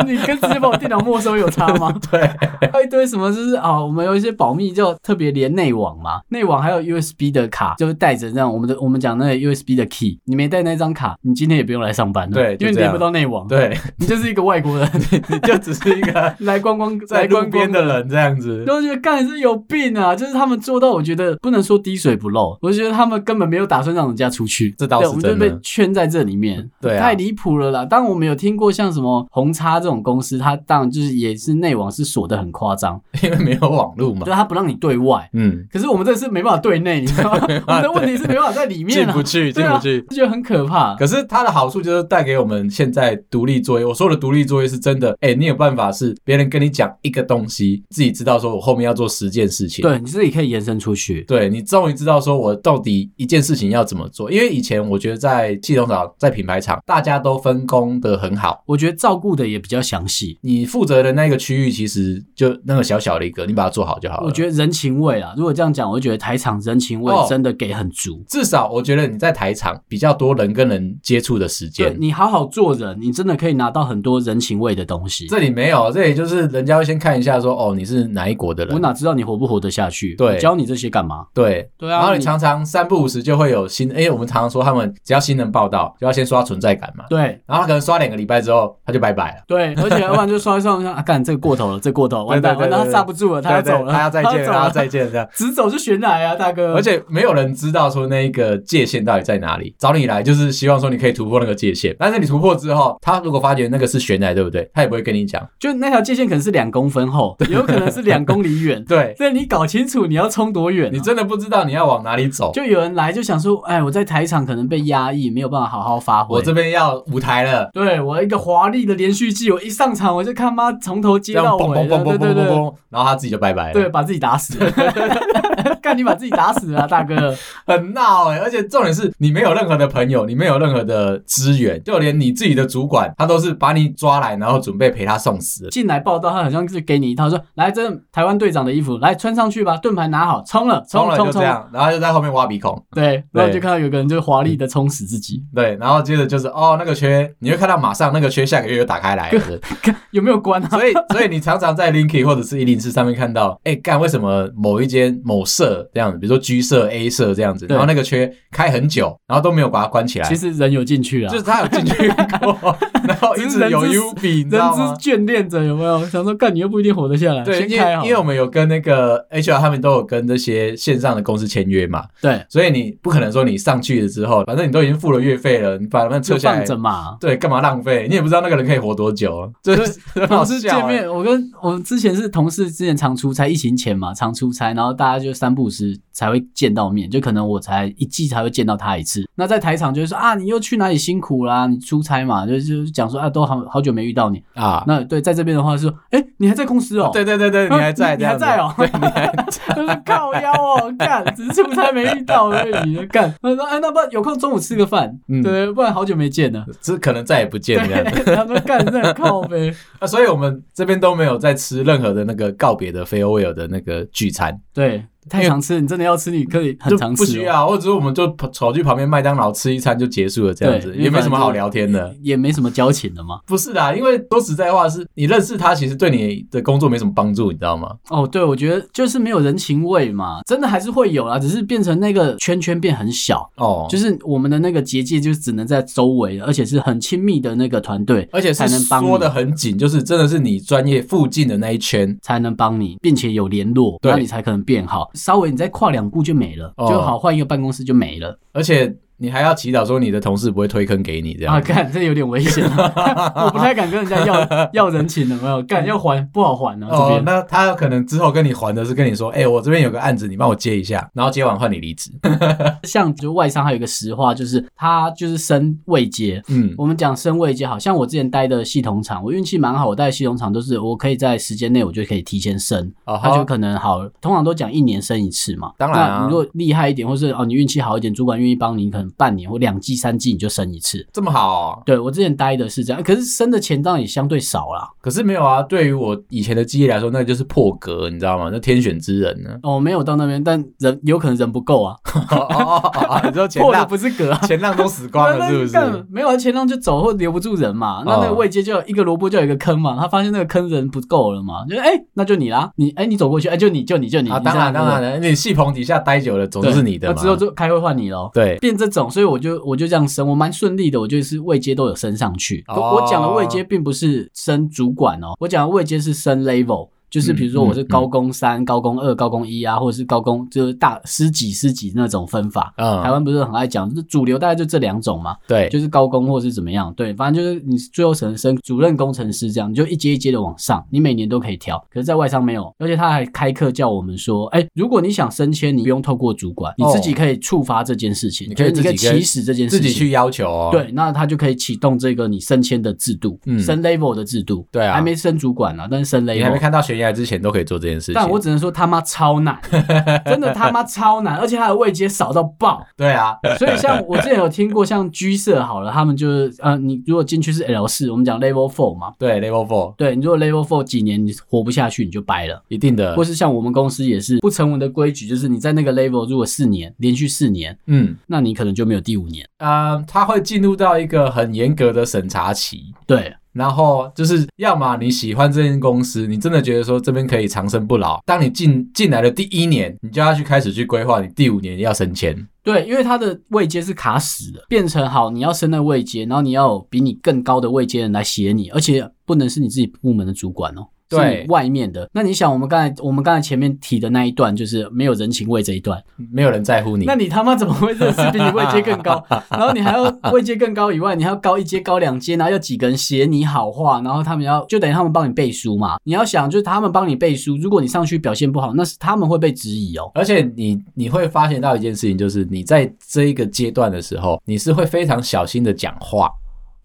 你跟直接把我電腦沒收有差嗎？ 對，還有一堆什麼就是啊、哦，我們有一些保密就特別連內網嘛，內網還有 USB 的卡，就是帶着這樣。我們的我們講那個 USB 的 key，你沒帶那張卡，你今天也不用來上班了。對，因為你連不到內網，對，你就是一個外國人， 你就只是一個來觀光、來觀光的人這樣子。都 就覺得幹的是有病啊，就是他們做到，我覺得不能說滴水不漏，我覺得他們根本沒有打算讓人家出去。這倒是，我們就被圈在這裡面，對、啊，太離譜了啦。當我們有聽過像什麼紅叉這種。公司它當然就是也是內網是鎖得很誇張，因為沒有網絡嘛，就它不讓你對外。嗯，可是我們這是沒辦法對內，你知道嗎？我們的問題是沒辦法在裡面進、啊、不去，進不去，啊、就覺得很可怕。可是它的好處就是帶給我們現在獨立作業，我說我的獨立作業是真的。哎、欸，你有辦法是別人跟你講一個東西，自己知道說我後面要做十件事情，對，你自己可以延伸出去。對，你終於知道說我到底一件事情要怎麼做，因為以前我覺得在系統廠、在品牌廠，大家都分工得很好，我覺得照顧的也比較。詳細，你負責的那個區域其實就那個小小的一個，你把它做好就好了。我覺得人情味啊，如果這樣講，我就覺得台場人情味真的給很足、哦。至少我覺得你在台場比較多人跟人接觸的時間，你好好做人，你真的可以拿到很多人情味的東西。這裡沒有，這裡就是人家會先看一下說，哦，你是哪一國的人？我哪知道你活不活得下去？對，教你這些幹嘛？對，對啊。然後你常常三不五時就會有新，因、欸、為我們常常說他們只要新人報到就要先刷存在感嘛。對，然後他可能刷兩個禮拜之後他就拜拜了。對。 而且往往就摔上，像啊，幹這個過頭了，這個、過頭，完蛋了，他剎不住了，他要走了，他要再見了，他要再見，這樣直走是懸崖啊，大哥。而且沒有人知道說那一個界限到底在哪裡。找你來就是希望說你可以突破那個界限，但是你突破之後，他如果發覺那個是懸崖，對不對？他也不會跟你講，就那條界限可能是兩公分厚，有可能是兩公里遠，對。 所以你搞清楚你要衝多遠、啊，你真的不知道你要往哪裡走。就有人來就想說，哎，我在台廠可能被壓抑，沒有辦法好好發揮，我這邊要舞台了，對我一個華麗的連續劇。我一上場，我就看他媽從頭接到尾，砰砰砰砰，然後他自己就拜拜了，對，把自己打死了。 那 你把自己打死了啊，大哥，很鬧哎、欸！而且重點是你沒有任何的朋友，你沒有任何的資源，就連你自己的主管，他都是把你抓來，然後準備陪他送死。進來報到，他好像是給你一套說，說來，這是台灣隊長的衣服，來穿上去吧，盾牌拿好，衝了，衝了，就這樣，然後就在後面挖鼻孔。對，然後就看到有個人就是華麗的衝死自己。對，對然後接着就是哦那個缺，你會看到馬上那個缺下個月又打開來， 有沒有關、啊？所以所以你常常在 Linky 或者是一零四上面看到，哎、欸、幹，為什麼某一間某社？這樣子，比如說橘色、A 色這樣子，然後那個缺開很久，然後都沒有把它關起來。其實人有進去了啊，就是他有進去過。 一直有 U B，你知道嗎？眷戀者有沒有？想說，幹，你又不一定活得下來。對，因為因為我們有跟那個 H R 他們都有跟這些線上的公司簽約嘛。對，所以你不可能說你上去了之後，反正你都已經付了月費了，你把他們撤下來。放着嘛，對，幹嘛浪費？你也不知道那個人可以活多久。對，同事見面，我跟我們之前是同事，之前常出差，疫情前嘛常出差，然後大家就三不五時才會見到面，就可能我才一季才會見到他一次。那在台場就是說啊，你又去哪裡辛苦啦？啊？你出差嘛，就就是、講說。啊，都好好久沒遇到你啊！那對，在這邊的話是說，哎、欸，你還在公司哦、喔？對、啊、對對對，你還在、啊你，你還在哦、喔？ 靠腰哦、喔，幹只是出差沒遇到而已，幹。他說，哎、欸，那不然有空中午吃個飯、嗯？對，不然好久沒見呢，只可能再也不見這樣子。他說，幹，真靠杯啊！所以我們這邊都沒有在吃任何的那個告別的 f 歐威爾的那個聚餐。對。太常吃，你真的要吃，你可以很常吃喔。不需要，或者說我們就跑跑去旁邊麥當勞吃一餐就結束了，這樣子也沒什麼好聊天的，也沒什麼交情的嘛。 不是的，因為說實在話，是你認識他，其實對你的工作沒什麼幫助，你知道嗎？哦，對，我覺得就是沒有人情味嘛，真的還是會有啦，只是變成那個圈圈變很小哦，就是我們的那個結界就只能在周圍，而且是很親密的那個團隊，而且說得才能幫的很緊， 就是真的是你專業附近的那一圈才能幫你，並且有聯絡，那你才可能變好。稍微你再跨兩步就沒了，哦、就好換一個辦公室就沒了，而且。你還要祈禱說，你的同事不會推坑給你這樣啊？幹，這有點危險 我不太敢跟人家要 要人情了。沒有，幹要還不好還呢、啊 oh。那他可能之後跟你還的是跟你說，哎、欸，我這邊有個案子，你幫我接一下，然後接完換你離職。 像就外商還有一個實話就是他就是升位階，嗯，我們講升位階好，好像我之前待的系統廠，我運氣蠻好，我待的系統廠都是我可以在時間內我就可以提前升，他、oh, 就可能好，通常都講一年升一次嘛。當然你、啊、如果厲害一點，或是哦你運氣好一點，主管願意幫你，你可能。半年或兩季、三季你就升一次，這麼好、啊？對我之前待的是這樣，可是升的前檔也相對少了。可是沒有啊，對於我以前的記憶來說，那就是破格，你知道嗎？那天選之人呢、啊？哦，沒有到那邊，但人有可能人不夠啊。你 說破的不是格、啊， 前浪都死光了，是不是？ 沒有，而前浪就走或者留不住人嘛。那那個位階就一個蘿蔔就有一個坑嘛。他發現那個坑人不夠了嘛，就是哎、欸，那就你啦，你哎、欸，你走過去哎、欸，就你就你就你啊！當然那當然的，你戲棚底下待久了總，總是你的，那之後就開會換你嘍。對，變這。所以我就我就這樣升，我蠻順利的。我就是位階都有升上去。Oh. 我講的位階並不是升主管哦，我講的位階是升 level。就是比如說我是高工三、嗯嗯嗯、高工二、高工一啊，或者是高工就是大師級幾、師級幾那種分法。嗯，台灣不是很愛講，主流大概就這兩種嘛。對，就是高工或是怎麼樣。對，反正就是你最後只能升主任工程師這樣，你就一階一階的往上，你每年都可以調。可是在外商沒有，而且他還開課叫我們說，哎、欸，如果你想升遷，你不用透過主管，哦、你自己可以觸發這件事情，你可，你可以起始這件事情，自己去要求、哦。對，那他就可以啟動這個你升遷的制度、嗯，升 level 的制度。對啊，還沒升主管呢、啊，但是升 level。你還沒看到學。戀愛之前都可以做這件事情，但我只能說他媽超難， 真的他媽超難， 而且他的位置少到爆。對啊， 所以像我之前有聽過，像居社好了，他們就是，嗯、呃，你如果進去是 L 四，我們講 Level Four 嘛，對，Level Four，對，你如果 Level Four 幾年，你活不下去，你就掰了，一定的。或是像我們公司也是不成文的規矩，就是你在那個 Level 如果四年連續四年，嗯，那你可能就沒有第五年，呃、嗯，他會進入到一個很嚴格的審查期，對。然後就是，要麼你喜歡這間公司，你真的覺得說這邊可以長生不老。當你進進來的第一年，你就要去開始去規劃你第五年要升遷。對，因為他的位階是卡死的，變成好，你要升那位階，然後你要有比你更高的位階人來寫你，而且不能是你自己部門的主管哦。對，外面的。那你想，我們剛才我們剛才前面提的那一段，就是沒有人情味這一段，沒有人在乎你。那你他媽怎麼會認識比你位階更高？ 然後你還要位階更高以外，你還要高一階、高兩階，然後要幾個人寫你好話，然後他們要就等於他們幫你背書嘛。你要想，就是他們幫你背書，如果你上去表現不好，那是他們會被質疑哦。而且你你會發現到一件事情，就是你在這一個階段的時候，你是會非常小心的講話。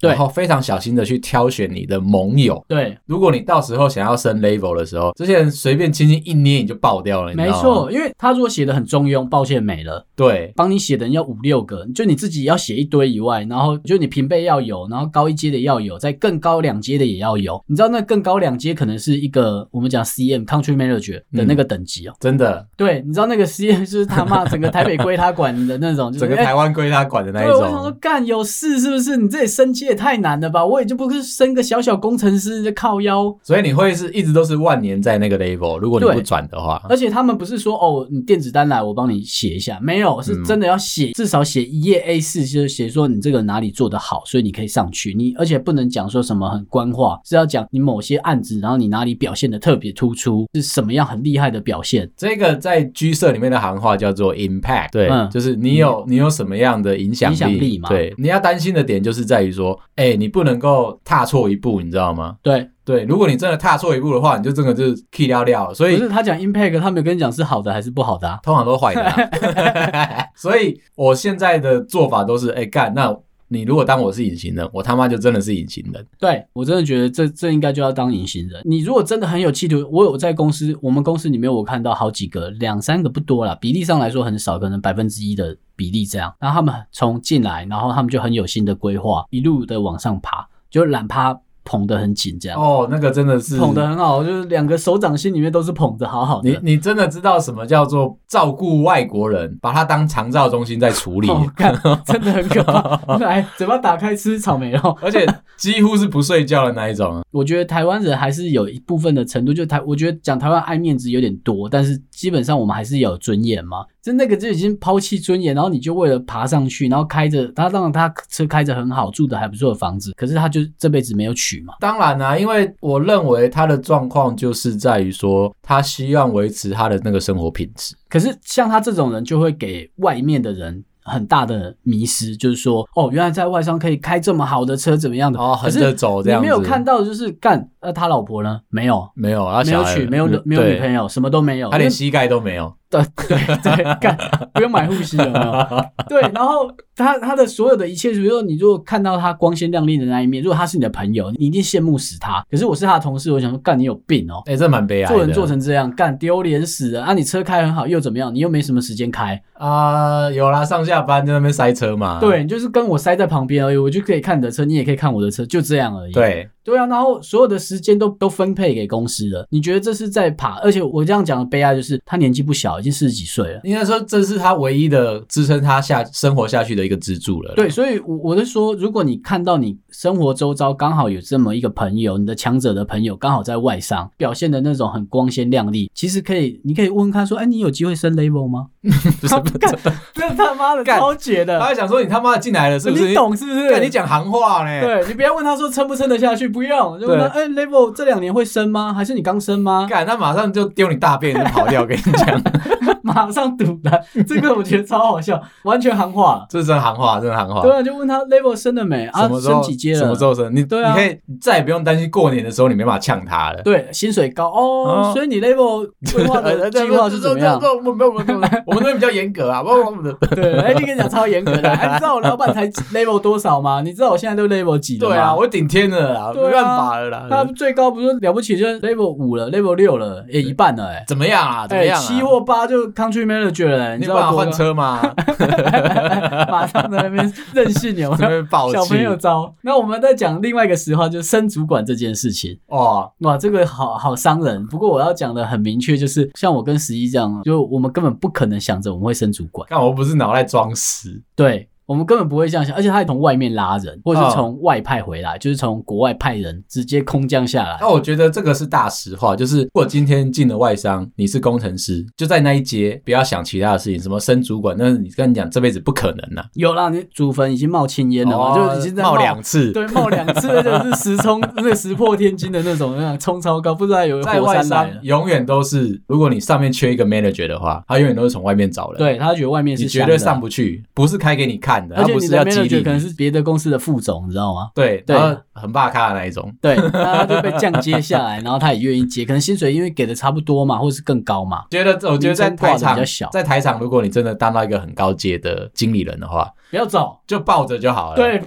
然後非常小心的去挑選你的盟友。對，如果你到時候想要升 level 的時候，這些人隨便輕輕一捏你就爆掉了。你知道嗎？沒錯，因為他如果寫的很中庸，抱歉沒了。對，幫你寫的人要五六個，就你自己要寫一堆以外，然後就你平輩要有，然後高一階的要有，再更高兩階的也要有。你知道那更高兩階可能是一個我們講 CM，Country Manager 的那個等級哦、喔嗯。真的。對，你知道那個 C M 就是他媽整個台北歸他管的那種、就是， 整個台灣歸他管的那一種。欸、對，我想說幹有事是不是？你這裡升階。也太難了吧！我也就不是生個小小工程師在靠腰，所以你會是一直都是萬年在那個 level，如果你不轉的話，而且他們不是說哦，你電子單來我幫你寫一下，沒有，是真的要寫，嗯，至少寫一頁 A4，就是寫說你這個哪裡做得好，所以你可以上去。你而且不能講說什麼很官話，是要講你某些案子，然後你哪裡表現得特別突出，是什麼樣很厲害的表現。這個在 G 社裡面的行話叫做 impact，對，嗯、就是你有你有什麼樣的影響力嘛、嗯嗯。對，你要擔心的點就是在於說。哎、欸，你不能夠踏錯一步，你知道嗎？對對，如果你真的踏錯一步的話，你就真的就是去了了了。所以，他講 impact，他沒有跟你講是好的還是不好的、啊，通常都是壞的、啊。 所以我現在的做法都是，哎、欸、幹那。你如果當我是隱形人，我他媽就真的是隱形人。對，我真的覺得這這應該就要當隱形人。你如果真的很有企圖，我有在公司，我們公司裡面我看到好幾個，兩三個不多啦，比例上來說很少，可能百分之一的比例這樣。然後他們從進來，然後他們就很有心的規劃，一路的往上爬，就懶趴。捧得很緊，這樣哦，那個真的是捧得很好，就是兩個手掌心裡面都是捧得好好的。你你真的知道什麼叫做照顧外國人，把他當長照中心在處理、 哦，看，真的很可怕。來， 嘴巴打開吃，吃草莓哦。而且幾乎是不睡覺的那一種、啊。 我覺得台灣人還是有一部分的程度，就台，我覺得講台灣愛面子有點多，但是基本上我們還是有尊嚴嘛。就那個就已經拋棄尊嚴，然後你就為了爬上去，然後開着他讓他車開着很好，住的還不錯的房子，可是他就這輩子沒有娶嘛。當然啊，因為我認為他的狀況就是在於說，他希望維持他的那個生活品質。可是像他這種人，就會給外面的人很大的迷思，就是說，哦，原來在外商可以開這麼好的車，怎麼樣的？哦，橫着走這樣子。你沒有看到就是幹？那、呃、他老婆呢？沒有，沒有啊，沒有娶，沒有、嗯、沒有女朋友，什麼都沒有，他連膝蓋都沒有。 對對對，幹不用買護膝了。對，然後他他的所有的一切，比如說，你如果看到他光鮮亮麗的那一面，如果他是你的朋友，你一定羨慕死他。可是我是他的同事，我想說，幹你有病哦！哎、欸，這蠻悲哀的，做人做成這樣，幹丟臉死了啊！你車開很好又怎麼樣？你又沒什麼時間開啊、呃？有啦，上下班在那邊塞車嘛。對，就是跟我塞在旁邊而已，我就可以看你的車，你也可以看我的車，就這樣而已。對。對啊，然後所有的時間都都分配給公司了。你覺得這是在爬？而且我這樣講的悲哀就是，他年紀不小，已經四十幾歲了，應該說這是他唯一的支撐他下生活下去的一個支柱了。對，所以我我是說，如果你看到你生活周遭剛好有這麼一個朋友，你的強者的朋友剛好在外商表現的那種很光鮮亮麗，其實可以，你可以問他說，哎，你有機會升 level 嗎？ 幹 這他媽的超絕的！他還想說你他媽的進來了是不是？你懂是不是？ 你講行話呢？對，你不要問他說撐不撐得下去。不用，就問他哎、欸、level 這兩年會升嗎？還是你剛升嗎？幹，他馬上就丟你大便就跑掉， 跟你講，馬上堵的。這個我覺得超好笑， 完全行話，這是真行話，真行話。對啊，就問他 level 升了沒？什麼時候、啊、幾階了，什麼時候升？你對、啊、你可以再也不用擔心過年的時候你沒辦法嗆他了。對，薪水高哦，oh, oh, 所以你 level 計劃是怎麼樣？ 我們都比較嚴格啊，不不不不對哎，欸、你跟你講超嚴格的、啊。你、欸、知道我老闆才 level 多少嗎？你知道我現在都 level 幾的？對啊，我頂天了啊。沒辦法了啦，他最高不是了不起就是 level 5了，就 level 五了，level 六了，也一半了哎、欸，怎麼樣啊？欸、怎麼樣啊，七或八就 country manager 了、欸、你知道嗎？換車嗎，馬上在那邊任性牛，小朋友招。那我們再講另外一個實話，就是升主管這件事情。哇哇，這個好好傷人。不過我要講的很明確，就是像我跟十一這樣，就我們根本不可能想着我們會升主管。但我不是腦袋裝屎？對。我們根本不會這樣想，而且他還從外面拉人，或者是從外派回來，哦、就是從國外派人直接空降下來。那我覺得這個是大實話，就是如果今天進了外商，你是工程師，就在那一階，不要想其他的事情，什麼升主管，那是你跟你講，這輩子不可能吶、啊。有啦，你祖墳已經冒青煙了、哦，就已經冒兩次，對，冒兩次就是石衝，就 石破天驚的那種那樣，衝超高，不知道有沒有在外商永遠都是，如果你上面缺一個 manager 的話，他永遠都是從外面找人，對，他覺得外面是、啊、你絕對上不去，不是開給你看。不是要，而且你司別人可能是別的公司的副總，你知道嗎？對對，很大咖的那一種，對，他就被降階下來， 然後他也願意接，可能薪水因為給的差不多嘛，或者是更高嘛。覺得，得我覺得在台場比較小，在台場如果你真的當到一個很高階的經理人的話。不要走，就抱着就好了。對，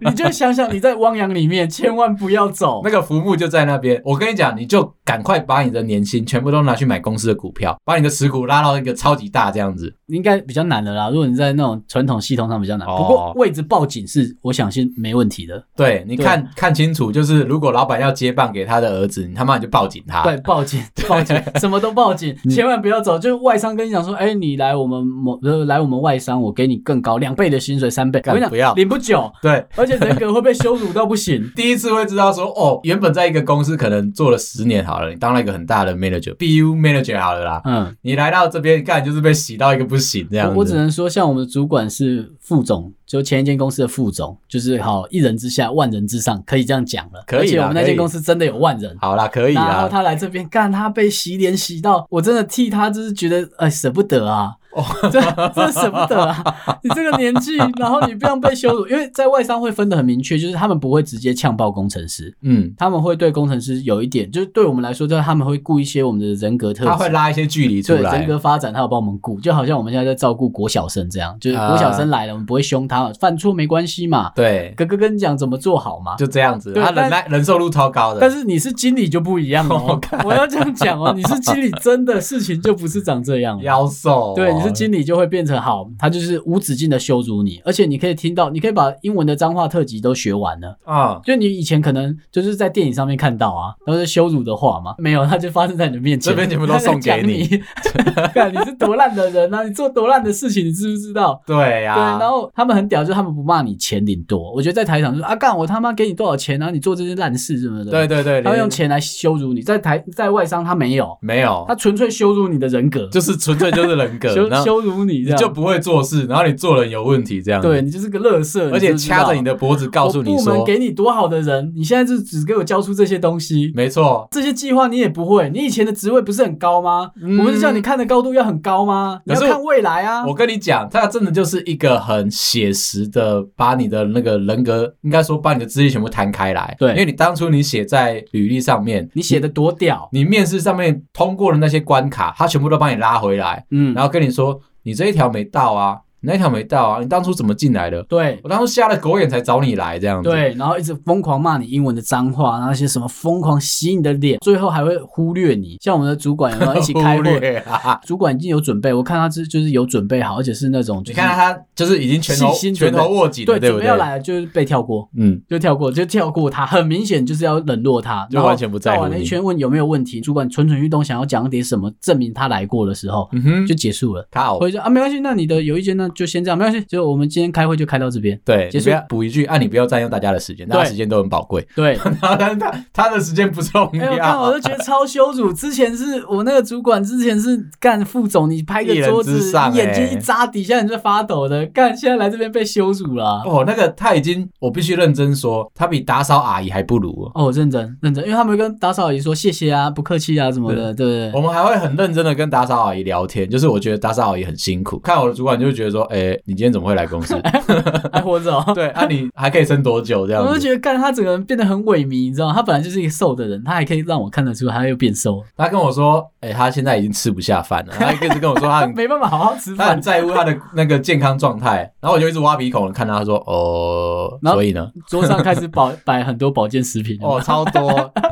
你就想想你在汪洋裡面， 千萬不要走。那個浮木就在那邊。我跟你講，你就趕快把你的年薪全部都拿去買公司的股票，把你的持股拉到一個超級大這樣子，應該比較難的啦。如果你在那種傳統系統上比較難，哦、不過位置報警是，我想是沒問題的。對你看對看清楚，就是如果老闆要接棒給他的兒子，你他媽就抱緊他。對，抱緊，抱緊，什麼都抱緊，千萬不要走。就是、外商跟你講說，哎、欸，你來我們某來我們外商，我給你更高量。兩倍的薪水，三倍幹不要領不久，對，而且人格會被羞辱到不行。 第一次會知道說，哦，原本在一個公司可能做了十年好了，你當了一個很大的 manager，BU manager 好了啦。嗯，你來到這邊幹就是被洗到一個不行這樣子。我，我只能說，像我們的主管是副總，就前一間公司的副總，就是好、嗯、一人之下，萬人之上，可以這樣講了。可以，而且我們那間公司真的有萬人。啦好啦，可以啦。然後他來這邊幹，他被洗臉洗到，我真的替他就是覺得哎，舍不得啊。哦， 這這捨不得啊！你這個年紀，然後你不要被羞辱，因為在外商會分得很明確，就是他們不會直接嗆爆工程師，嗯，他們會對工程師有一點，就是對我們來說，就是他們會顧一些我們的人格特質，他會拉一些距離出來，對，人格發展，他有幫我們顧。就好像我們現在在照顧國小生這樣，就是國小生來了，我們不會兇他，犯錯沒關係嘛，對，哥哥跟你講怎麼做好嘛，就這樣子，他忍耐、忍受度超高的。但是你是經理就不一樣哦，喔，我要這樣講哦，你是經理真的事情就不是長這樣了，夭壽，對。經理就會變成好，他就是無止境的羞辱你，而且你可以聽到，你可以把英文的髒話特輯都學完了啊！Uh, 就你以前可能就是在電影上面看到啊，都是羞辱的話嘛，沒有，他就發生在你的面前，這邊全部都送給你，你， 你是多爛的人呢？啊，你做多爛的事情，你知不知道？對呀、啊，對，然後他們很屌，就他們不罵你錢領多，我覺得在台場就說啊，幹我他媽給你多少錢、啊，然後你做這些爛事什麼的，對對對，他用錢來羞辱你，在台在外商他沒有，沒有，他純粹羞辱你的人格，就是純粹就是人格。 羞辱羞辱你這樣，這你就不會做事，然後你做人有問題，這樣。對，你就是個樂色，而且掐着你的脖子告訴你說，部門給你多好的人，你現在就只給我交出這些東西。沒錯，這些計劃你也不會。你以前的職位不是很高嗎？嗯、我們是叫你看的高度要很高嗎？你要看未來啊！我跟你講，他真的就是一個很寫實的，把你的那個人格，應該說把你的資歷全部攤開來。對，因為你當初你寫在履歷上面，你寫的多屌，你，你面試上面通過的那些關卡，他全部都幫你拉回來。嗯，然後跟你說。說你這一條沒到啊。那條沒到啊？你當初怎麼進來的？對，我當初瞎了狗眼才找你來這樣子。對，然後一直瘋狂罵你英文的髒話，然後一些什麼瘋狂洗你的臉，最後還會忽略你。像我們的主管有沒有，一起開會、 啊，主管已經有準備，我看他是就是有準備好，而且是那種、就是、你看他，他就是已經拳頭心拳頭握緊，對，對，不對，準備要來，了，就是被跳過，嗯，就跳過，就跳過他，很明顯就是要冷落他，就完全不在乎你，那一圈，問有沒有問題，主管蠢蠢欲動，想要講點什麼證明他來過的時候，嗯哼，就結束了。他好，或者啊沒關係，那你的有意見呢。就先這樣，沒關係。就我們今天開會就開到這邊。對，就是要補一句，啊你不要佔用大家的時間，大家時間都很寶貴。對。然、那個、 他他的時間不重要、欸、我看我覺得超羞辱。之前是我那個主管，之前是幹 副總，你拍個桌子，欸、眼睛一眨，底下你就發抖的。幹，現在來這邊被羞辱了、啊。哦，那個他已經，我必須認真說，他比打掃阿姨還不如。哦，我認真認真，因為他們跟打掃阿姨說謝謝啊，不客氣啊什麼的。對,對,對,對。我們還會很認真的跟打掃阿姨聊天，就是我覺得打掃阿姨很辛苦。看我的主管就會覺得說。說，哎、欸，你今天怎麼會來公司？哎 活著、喔，我走。對， 啊，你還可以撐多久？這樣 我就覺得看他整個人變得很萎靡，你知道嗎？他本來就是一個瘦的人，他還可以讓我看得出他又變瘦。他跟我說，哎、欸，他現在已經吃不下飯了。然後他一直跟我說他很， 他沒辦法好好吃飯，他很在乎他的那個健康狀態。然後我就一直挖鼻孔看他，說，哦、呃，所以呢，桌上開始擺擺很多保健食品有沒有， 哦，超多。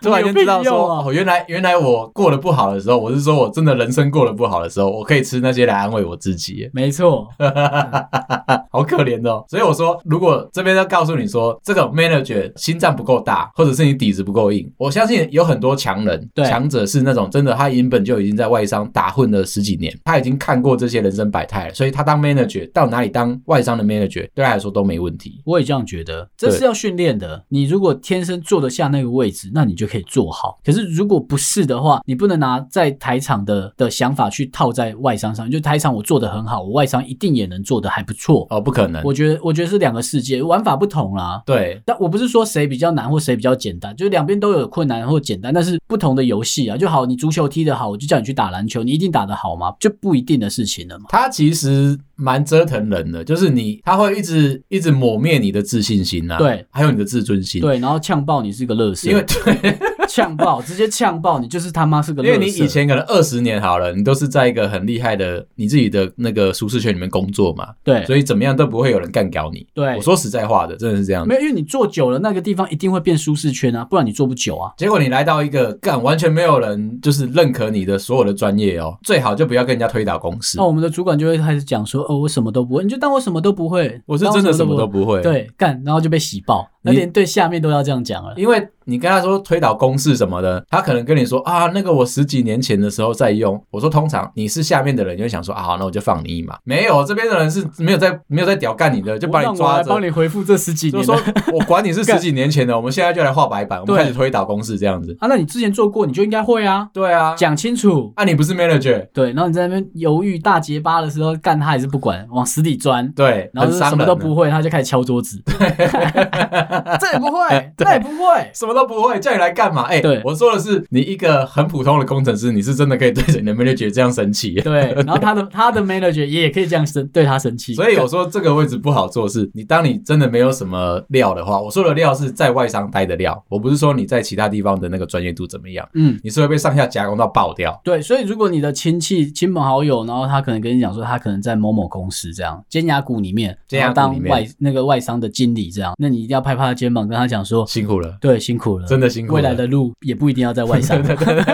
突然間知道說，啊哦、原來原來我過得不好的時候，我是說我真的人生過得不好的時候，我可以吃那些來安慰我自己。沒錯， 好可憐哦。 所以我說，如果這邊要告訴你說，這個 manager 心臟不夠大，或者是你底子不夠硬，我相信有很多強人，對，強者是那種真的，他原本就已經在外商打混了十幾年，他已經看過這些人生百態了，所以他當 manager 到哪裡當外商的 manager 對他來說都沒問題。我也這樣覺得，這是要訓練的。你如果天生坐得下那個位置，那你就可以做好。可是如果不是的話，你不能拿在台廠的的想法去套在外商上。就台廠我做得很好，我外商一定也能做得還不錯。哦，不可能。我覺得，我覺得是兩個世界，玩法不同啦、啊。對，但我不是說誰比較難或誰比較簡單，就兩邊都有困難或簡單，但是不同的遊戲啊。就好，你足球踢得好，我就叫你去打籃球，你一定打得好嗎？就不一定的事情了嘛。他其實。蠻折騰人的，就是你，他會一直一直抹滅你的自信心吶、啊，對，還有你的自尊心，對，然後嗆爆你是個樂色，因為對 嗆爆，直接嗆爆你就是他媽是個垃圾。因為你以前可能二十年好了，你都是在一個很厲害的你自己的那個舒適圈裡面工作嘛，對，所以怎麼樣都不會有人幹掉你。對，我說實在話的，真的是這樣。沒有，因為你做久了那個地方一定會變舒適圈啊，不然你做不久啊。結果你來到一個幹完全沒有人就是認可你的所有的專業哦，最好就不要跟人家推倒公司。那、哦、我們的主管就會開始講說，哦、呃，我什麼都不會，你就當我什麼都不會。我是真的什麼都不會。不會對，幹，然後就被洗爆，那連對下面都要這樣講了，因為。你跟他說推導公式什麼的，他可能跟你說啊，那個我十幾年前的時候在用。我說通常你是下面的人，就會想說啊，那我就放你一馬。沒有，這邊的人是沒有在沒有在屌干你的，就幫你抓着幫你回復這十幾年。你 說我管你是十幾年前的，我們現在就來畫白板，我們開始推導公式這樣子。啊，那你之前做過，你就應該會啊。對啊，講清楚。啊，你不是 manager。對，然後你在那邊猶豫大結巴的時候，幹他也是不管，往死裡鑽。對，然後就什麼都不會，他就開始敲桌子。對 這也不會，這 也不會。 什麼我都不會叫你來幹嘛？哎、欸，對，我說的是你一個很普通的工程師，你是真的可以對着你的 manager 這樣生氣。對，然後他的 他的 manager 也可以這樣生對他生氣。所以我說這個位置不好做是，是你當你真的沒有什麼料的話，我說的料是在外商待的料。我不是說你在其他地方的那個專業度怎麼樣，嗯，你是會被上下夾攻到爆掉。對，所以如果你的親戚、親朋好友，然後他可能跟你講說他可能在某某公司這樣，尖牙谷裡面，尖牙當外那個外商的經理這樣，那你一定要拍拍他肩膀，跟他講說辛苦了，對，辛苦。苦了，真的辛苦了。未來的路也不一定要在外商， 對對對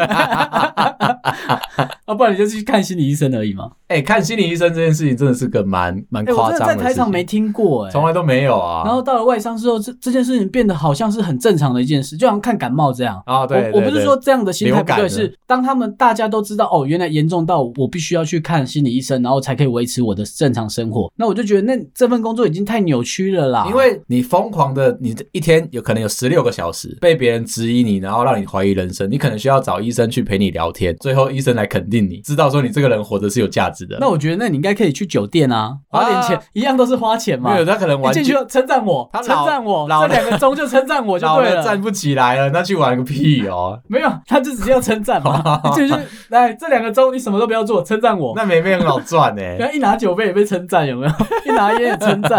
啊、不然你就去看心理醫生而已嘛。哎、欸，看心理醫生這件事情真的是個蠻蠻誇張的事情。我在台上沒聽過、欸，哎，從來都沒有啊。然後到了外商之後，這這件事情變得好像是很正常的一件事，就好像看感冒這樣啊。哦、對，對，對，對，對，我不是說這樣的心態不對感，是當他們大家都知道哦，原來嚴重到我必須要去看心理醫生，然後才可以維持我的正常生活。那我就覺得那這份工作已經太扭曲了啦，因為你瘋狂的，你這一天有可能有十六個小時。被別人質疑你，然後讓你懷疑人生，你可能需要找醫生去陪你聊天，最後醫生來肯定你，知道說你這個人活着是有價值的。那我覺得，那你應該可以去酒店啊，花點錢，一樣都是花錢嘛。沒有他可能玩進去就稱讚我，他稱讚我，這兩個鐘就稱讚我就對了，站不起來了，那去玩個屁哦。 沒有，他就直接要稱讚嘛，就 是來這兩個鐘你什麼都不要做，稱讚我。 那妹妹很好賺哎， 一拿酒杯也被稱讚有沒有？ 一拿煙也稱讚，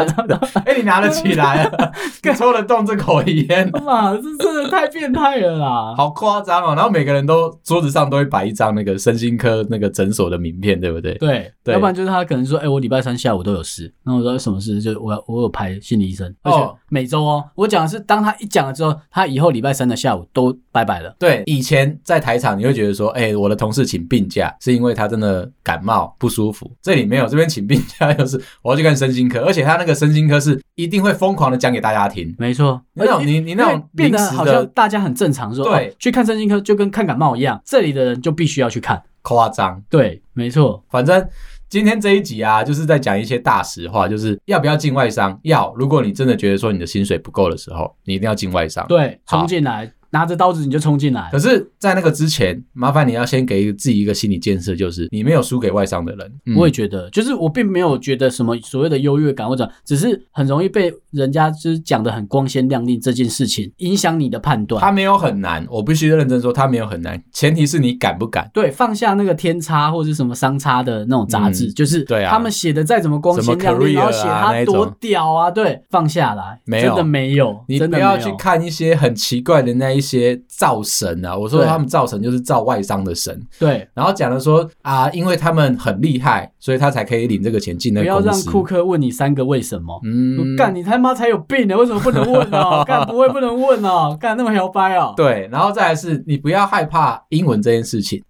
哎、 欸，你拿得起來啊， 你抽得動這口煙？嘛， 這是。真 的太變態了啦！好誇張哦，然後每個人都桌子上都會擺一張那個身心科那個診所的名片，對不對，對？對，要不然就是他可能說：“哎、欸，我禮拜三下午都有事。”然後我說：“什麼事？”就我我有排心理醫生，哦、而且每週哦，我講的是，當他一講了之後，他以後禮拜三的下午都拜拜了。對，以前在台場，你會覺得說：“哎、欸，我的同事請病假是因為他真的感冒不舒服。”這裡沒有，這邊請病假又是我要去看身心科，而且他那個身心科是一定會瘋狂的講給大家聽。沒錯，那種你你那種病、欸、時。好像大家很正常是吧？對，哦、去看身心科就跟看感冒一樣，這裡的人就必須要去看，誇張，對，沒錯，反正今天這一集啊，就是在講一些大實話，就是要不要進外商，要，如果你真的覺得說你的薪水不夠的時候，你一定要進外商，對，衝進來。拿着刀子你就衝進來，可是，在那個之前，麻煩你要先給一個自己一個心理建設，就是你沒有輸給外商的人，嗯。我也覺得，就是我並沒有覺得什麼所謂的優越感或者，只是很容易被人家就是講的很光鮮亮麗這件事情影響你的判斷。它沒有很難，我必須認真說，它沒有很難。前提是你敢不敢？對，放下那個天差或者什麼商差的那種雜誌，嗯，就是對啊，他們寫的再怎麼光鮮亮麗，要寫他多屌啊，對，放下來真，真的沒有，你不要去看一些很奇怪的那。一些造神啊，我說，說他們造神就是造外商的神，對。然後講的說啊，因為他們很厲害，所以他才可以領這個錢進那個。不要讓庫克問你三個為什麼？嗯，幹你他媽才有病呢？為什麼不能問呢？ 幹不會不能問呢？幹那麼搖擺啊？對。然後再來是你不要害怕英文這件事情，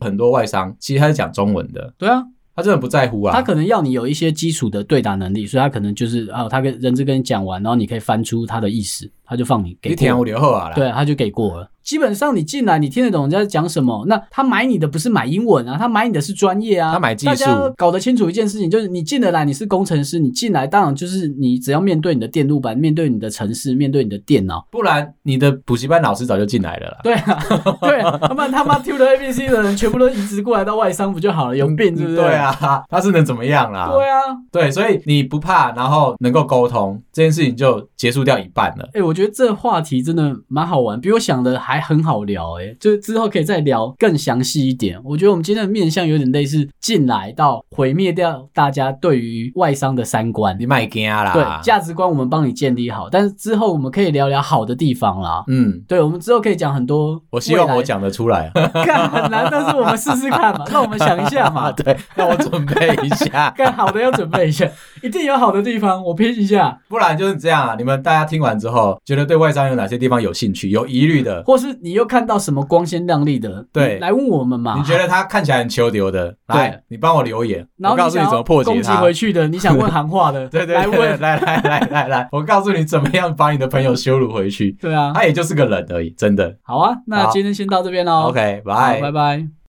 很多外商其實他是講中文的，對啊，他真的不在乎啊。他可能要你有一些基礎的對答能力，所以他可能就是啊，他跟人資跟你講完，然後你可以翻出他的意思，他就放你給天，我留後啊，對，他就給過了。基本上你進來，你聽得懂人家講什麼？那他買你的不是買英文啊，他買你的是專業啊。他買技術，搞得清楚一件事情就是你進得來，你是工程師，你進來當然就是你只要面對你的電路板，面對你的程式，面對你的電腦，不然你的補習班老師早就進來了啦。對啊，對 他們他媽 tu 的 ABC 的人全部都移植過來到外商不就好了？有病是不是？對啊，他是能怎麼樣啦、啊？對啊，對，所以你不怕，然後能夠溝通這件事情就結束掉一半了。哎、欸、我。我覺得這話題真的蠻好玩，比我想的還很好聊哎、欸，就是之後可以再聊更詳細一點。我覺得我們今天的面向有點類似，進來到毀滅掉大家對於外商的三觀，你免驚啦！對，價值觀，我們幫你建立好，但是之後我們可以聊聊好的地方啦。嗯，對，我們之後可以講很多。我希望我講得出來， 看很難，但是我們試試看嘛。那 我們想一下嘛，對，那我準備一下，更 好的要準備一下，一定有好的地方，我拼一下，不然就是這樣啊。你們大家聽完之後。覺得對外商有哪些地方有興趣、有疑慮的，或是你又看到什麼光鮮亮麗的，對，來問我們嘛。你覺得他看起來很秋流的，來，對，你幫我留言，我告訴你怎麼破解他。攻擊回去的，你想問行話的， 對對對，來問 來來來來，來，來，來，我告訴你怎麼樣把你的朋友羞辱回去。對啊，他也就是個人而已，真的。好啊，那今天先到這邊嘍。OK，拜拜拜拜。